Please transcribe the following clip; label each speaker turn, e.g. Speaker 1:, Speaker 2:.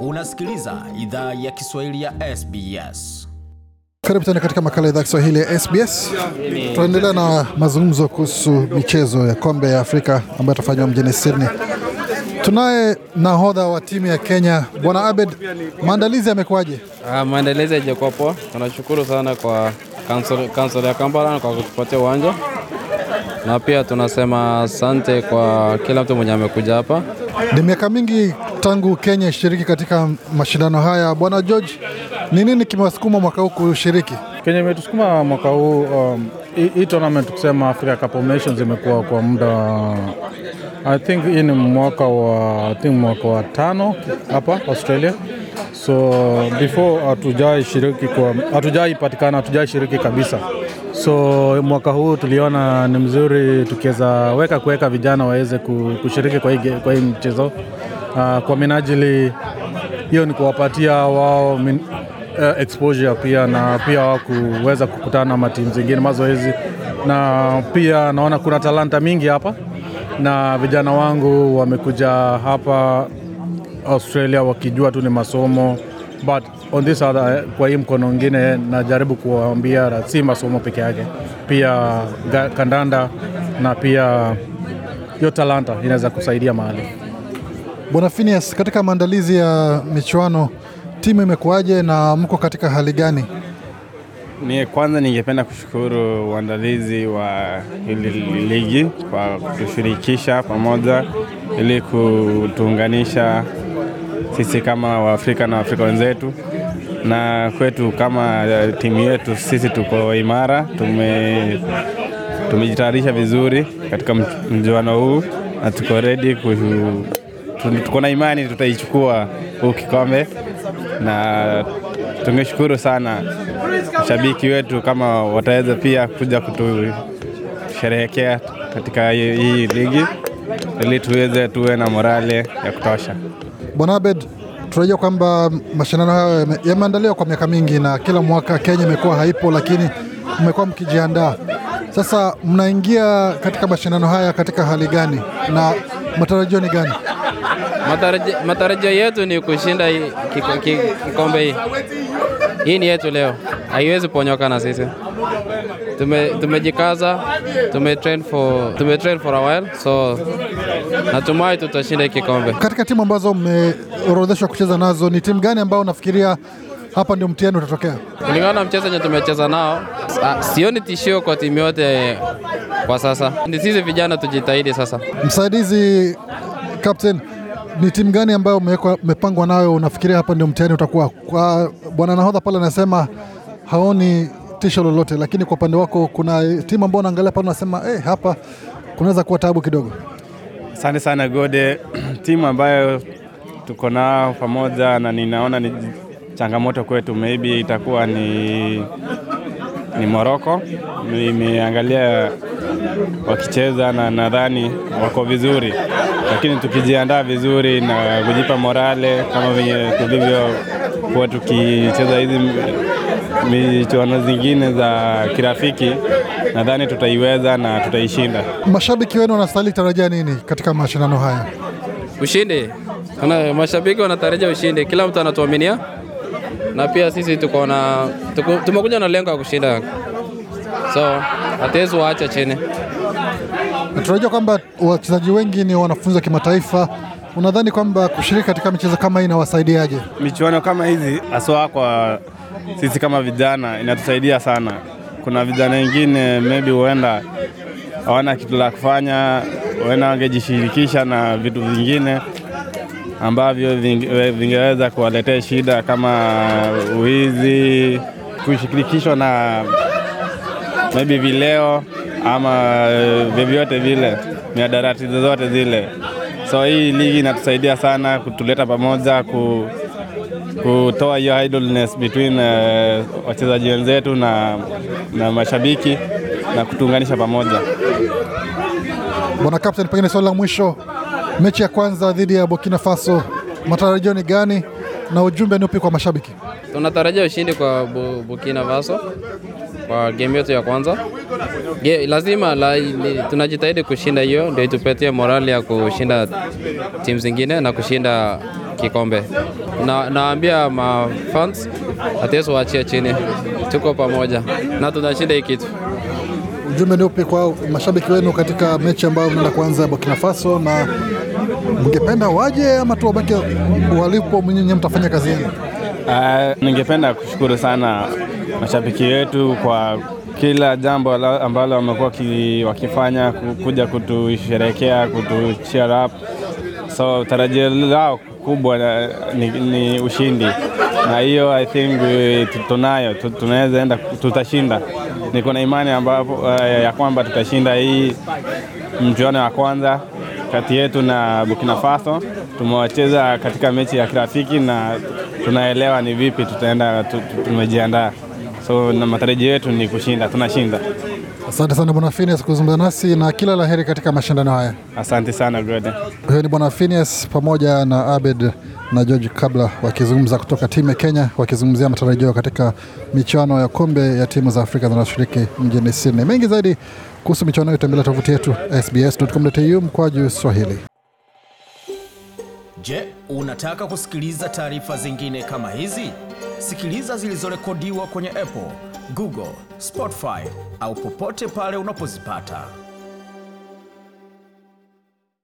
Speaker 1: Unasikiliza idhaa ya Kiswahili ya SBS.
Speaker 2: Karibu tena katika makala idhaa ya Kiswahili ya SBS. Tunaendelea na mazungumzo kuhusu michezo ya kombe ya Afrika ambayo itafanywa mjini Sydney. Tunaye nahodha wa timu ya Kenya, Bwana Abed. Maandalizi yamekuwaje?
Speaker 3: Uh, maandalizi yajakuwa poa. Tunashukuru sana kwa kansel ya Kampala kwa kutupatia uwanja, na pia tunasema asante kwa kila mtu mwenye amekuja hapa.
Speaker 2: Ni miaka mingi tangu Kenya ishiriki katika mashindano haya. Bwana George, ni nini kimewasukuma mwaka huu kushiriki? Kenya
Speaker 1: imetusukuma mwaka huu um, hii tournament kusema Africa Cup of Nations imekuwa kwa muda I think hii ni mwaka wa I think mwaka wa tano hapa Australia so before hatujai shiriki kwa hatujai patikana hatujai shiriki kabisa so mwaka huu tuliona ni mzuri tukiweza weka kuweka vijana waweze kushiriki kwa hii, kwa hii mchezo uh, kwa minajili hiyo ni kuwapatia wao min, uh, exposure pia na pia wao kuweza kukutana na timu zingine mazoezi, na pia naona kuna talanta mingi hapa na vijana wangu wamekuja hapa Australia wakijua tu ni masomo but on this other, kwa hii mkono mwingine najaribu kuwaambia si masomo peke yake, pia kandanda na pia hiyo talanta inaweza kusaidia mahali.
Speaker 2: Bwana Phineas, katika maandalizi ya michuano timu imekuwaje na mko katika hali gani?
Speaker 4: Ni kwanza ningependa kushukuru uandalizi wa hili ligi kwa kutushirikisha pamoja ili kutuunganisha sisi kama Waafrika na Waafrika wenzetu na kwetu kama timu yetu, sisi tuko imara, tume tumejitayarisha vizuri katika mchuano huu na tuko redi tuko na imani tutaichukua huu kikombe, na tungeshukuru sana mashabiki wetu kama wataweza pia kuja kutusherehekea katika hii ligi ili tuweze tuwe na morale ya kutosha. Bwana Abed,
Speaker 2: tunajua kwamba mashindano hayo yameandaliwa kwa miaka mingi na kila mwaka Kenya imekuwa haipo, lakini mmekuwa mkijiandaa. Sasa mnaingia katika mashindano haya katika hali gani na matarajio ni gani?
Speaker 3: Matarajio yetu ni kushinda kikombe hii. Hii ni yetu leo, haiwezi ponyoka na sisi. Tumejikaza, tumetrain for, tumetrain for a while, so natumai tutashinda hii kikombe. Katika
Speaker 2: timu ambazo mmeorodheshwa kucheza nazo, ni timu gani ambao unafikiria hapa ndio mtihani utatokea?
Speaker 3: Kulingana na mchezo wenye tumecheza nao, ah, sioni tishio kwa timu yote kwa sasa. Ni sisi vijana tujitahidi sasa.
Speaker 2: Msaidizi Captain, ni timu gani ambayo umepangwa nayo? Unafikiria hapa ndio mtihani utakuwa kwa bwana nahodha pale, anasema haoni tisho lolote, lakini kwa upande wako kuna timu ambayo unaangalia pale unasema hey, eh, hapa kunaweza kuwa taabu kidogo.
Speaker 4: Asante sana Gode. timu ambayo tuko nao pamoja na ninaona ni changamoto kwetu, maybe itakuwa ni ni Moroko. Nimeangalia wakicheza, na nadhani wako vizuri, lakini tukijiandaa vizuri na kujipa morale kama venye tulivyokuwa tukicheza hizi michuano zingine za kirafiki, nadhani tutaiweza na tutaishinda. Mashabiki wenu wanastahili
Speaker 2: tarajia nini katika mashindano haya?
Speaker 3: Ushindi. Kuna mashabiki wanatarajia ushindi, kila mtu anatuaminia, na pia sisi tuko na tumekuja na lengo ya kushinda so hatuwezi waacha chini. Tunajua kwamba
Speaker 2: wachezaji wengi ni wanafunzi wa kimataifa. Unadhani kwamba kushiriki katika michezo kama hii inawasaidiaje?
Speaker 4: Michuano kama hizi haswa kwa sisi kama vijana inatusaidia sana. Kuna vijana wengine maybe huenda hawana kitu la kufanya, huenda wangejishirikisha na vitu vingine ambavyo vingeweza kuwaletea shida kama uwizi, kushirikishwa na maybe vileo ama eh, vyovyote vile miadarati zozote zile. So hii ligi inatusaidia sana kutuleta pamoja ku, kutoa hiyo idleness between uh, wachezaji wenzetu na, na mashabiki na kutuunganisha pamoja. Bwana Captain,
Speaker 2: pengine swali la mwisho, mechi ya kwanza dhidi ya Burkina Faso, matarajio ni gani na ujumbe ni upi kwa mashabiki?
Speaker 3: Tunatarajia ushindi kwa bu, Burkina Faso kwa game yetu ya kwanza. Ge, lazima la, li, tunajitahidi kushinda hiyo ndio itupatie morali ya kushinda timu zingine na kushinda kikombe. Na, naambia ma fans hatuwezi waachia chini, tuko pamoja na tunashinda hii kitu.
Speaker 2: Ujumbe ni upi kwa mashabiki wenu katika mechi ambayo mnaenda kuanza Burkina Faso, na mngependa waje ama tu wabaki walipo? Mwenyewe mtafanya kazi yenu
Speaker 4: Uh, ningependa kushukuru sana mashabiki wetu kwa kila jambo ambalo wamekuwa wakifanya kuja kutusherekea, kutu cheer up. So tarajio lao kubwa ni, ni ushindi, na hiyo I think tunayo, tunaweza enda, tutashinda. Niko na imani ambapo, uh, ya kwamba tutashinda hii mchuano wa kwanza kati yetu na Burkina Faso. Tumewacheza katika mechi ya kirafiki na tunaelewa ni vipi tutaenda, tumejiandaa so na matarajio yetu ni kushinda, tunashinda.
Speaker 2: Asante sana Bwana Phineas kuzungumza nasi na kila la heri katika mashindano haya.
Speaker 4: Asante sana Gode.
Speaker 2: Huyo ni Bwana Phineas pamoja na Abed na George Kabla wakizungumza kutoka timu ya Kenya wakizungumzia matarajio katika michuano ya kombe ya timu za Afrika zinazoshiriki mjini Sydney. Mengi zaidi kuhusu michuano hiyo tembelea tovuti yetu sbs.com.au mkwaju Swahili.
Speaker 1: Je, unataka kusikiliza taarifa zingine kama hizi? Sikiliza zilizorekodiwa kwenye Apple, Google, Spotify au popote pale unapozipata.